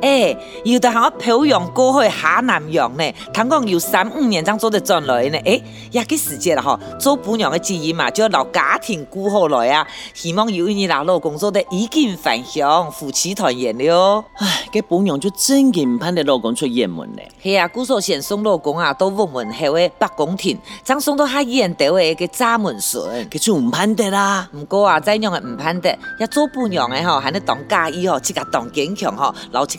誒，有、欸、的喊我漂洋過海下南洋呢、欸？聽講有三五年才做得轉來呢？誒，也幾時節啦嗬，做伴娘的意義嘛，就要留家庭顧好來啊，希望有呢啲老老公做得衣錦還鄉，夫妻團圓了、喔。唉，啲伴娘就真不怕的唔盼啲老公出遠門了、欸。係啊，姑嫂先送老公啊到澳門去為百工亭，再送到海南島嘅個閘門村。佢就唔盼得啦，唔過啊，再樣嘅唔盼得，做伴娘的嗬，喊你當嫁衣嗬，自、啊、己當堅強嗬，老、啊、自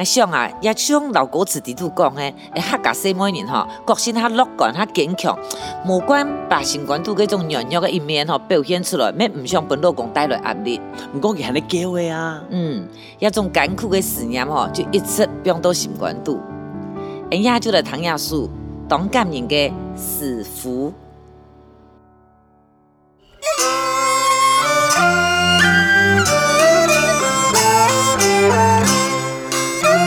阿鄉啊，也像老歌詞滴度講誒，阿客家細妹人哈，個性較樂觀、較堅強，無關百姓官都各種軟弱的一面吼表現出來，免唔向本老公帶來壓力。毋過伊係咧叫誒啊，嗯，一種艱苦嘅事業吼，就一直並到新官都。因也就來唐亞蘇當革人嘅師傅。